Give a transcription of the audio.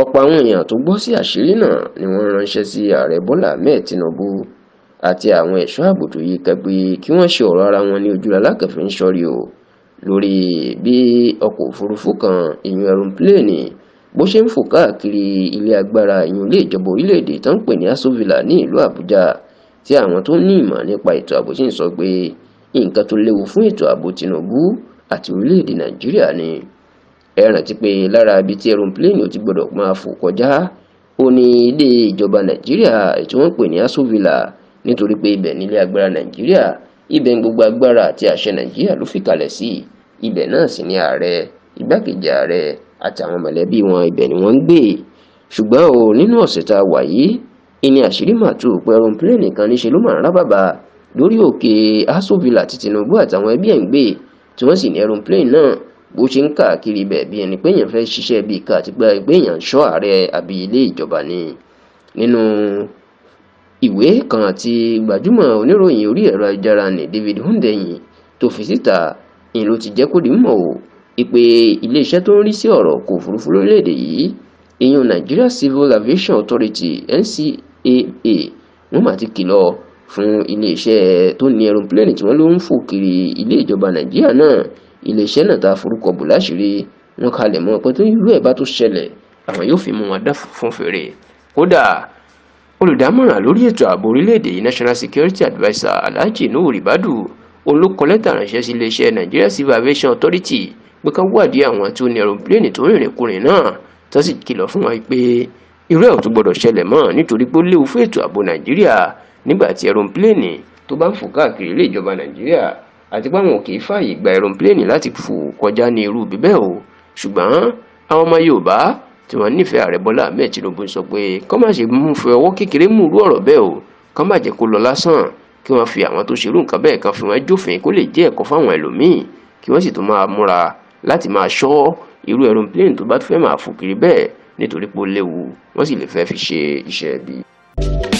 ọ̀pọ̀ àwọn èèyàn tó gbọ́ sí àṣírí náà ni wọ́n ránṣẹ́ sí ààrẹ bọ́lá ahmed tinubu àti àwọn ẹ̀ṣọ́ ààbò tó yí ká pé kí wọ́n ṣe ọ̀rọ̀ ara wọn ní ojú alákàfin sọ́rí o lórí bí ọkọ̀ òfurufú kan ìyún ẹrùnpléènì bó ṣe ń fò káàkiri ilé agbára ìyún ilé ìjọba orílẹ̀-èdè tó ń pè ní aso ní ìlú àbújá tí àwọn tó ní ìmọ̀ nípa ètò ààbò sì ń sọ pé nǹkan tó léwu fún ètò ààbò tinubu àti orílẹ̀-èdè nàìjíríà ni ẹ rántí pé lára ibi tí aeroplane ò ti gbọdọ̀ máa fò kọjá ó ní ilé ìjọba nàìjíríà tí wọ́n pè ní aso villa nítorí pé ibẹ̀ nílé agbára nàìjíríà ibẹ̀ ń gbogbo agbára àti àṣẹ nàìjíríà ló fi kalẹ̀ sí ibẹ̀ náà sì ni ààrẹ igbákejì ààrẹ àtàwọn mọ̀lẹ́bí wọn ibẹ̀ ni wọ́n ń gbé ṣùgbọ́n o nínú ọ̀sẹ̀ tá a wà yìí ìní àṣírí mà tú pé aeroplane kan níṣe ló máa ń rábàbà lórí òkè aso villa tí tinubu àtàwọn ẹbí ẹ̀ ń gbé tí wọ́n sì ní aeroplane náà bó ṣe ń káàkiri bẹ̀ bí ẹni pé èèyàn fẹ́ ṣiṣẹ́ bíi ká àti pé èèyàn ṣọ́ ààrẹ àbí ilé ìjọba ni nínú ìwé kan tí gbajúmọ̀ oníròyìn orí ẹ̀rọ ayélujára ní David Hundeyin tó fi síta ìyẹn ló ti jẹ́ kó di mọ̀ o ìpè iléeṣẹ́ tó ń rí sí ọ̀rọ̀ kò òfurufú lórílẹ̀‐èdè yìí ìyẹn Nigeria Civil Aviation Authority NCAA wọ́n mà ti kìlọ̀ fún iléeṣẹ́ tó ní ẹrọpléènì tí wọ́n ló ń fò kiri ilé ìjọba Nàìjíríà náà iléeṣẹ́ náà ta forúkọ bò láṣìírí wọn kalẹ̀ mọ́ pé tó irú ẹ̀ bá tó ṣẹlẹ̀ àwọn yóò fi mú wọn dá fún fèrè kódà olùdámọ̀ràn lórí ètò ààbò orílẹ̀-èdè yìí national security adviser alhaji nuhu ribadu olókọ lẹ́tà ránṣẹ́ sí iléeṣẹ́ nigeria civil aviation authority pé ká wádìí àwọn tí ó ní aeroplane tó rìnrìn kurìn náà tó sì kìlọ̀ fún wọn pé irú ẹ̀ ò tún gbọdọ̀ ṣẹlẹ̀ mọ́ nítorí pé ó léwu fún ètò ààbò nàìjíríà nígbà tí aeroplane tó bá ń fò káàkiri ilé ìjọba nàìjíríà àti pé àwọn kì í fààyè gba èròǹpilẹ̀nì láti fò kọjá ní irú ibi bẹ́ẹ̀ o ṣùgbọ́n àwọn ọmọ Yorùbá tí wọ́n nífẹ̀ẹ́ ààrẹ Bọ́lá Ahmed Tinubu sọ pé kọ́ má ṣe mú fẹ́ ọwọ́ kékeré mú irú ọ̀rọ̀ bẹ́ẹ̀ o kọ́ má jẹ́ kó lọ lásán kí wọ́n fi àwọn tó ṣerú nǹkan bẹ́ẹ̀ kan fi wọ́n jófin kó lè jẹ́ ẹ̀kọ́ fáwọn ẹlòmíì kí wọ́n sì tún máa múra láti máa ṣọ́ irú èròǹpilẹ̀nì tó bá fẹ́ máa fò kiri bẹ́ẹ̀ nítorí pé ó léwu wọ́n sì lè fẹ́ fi ṣe iṣẹ́ bíi.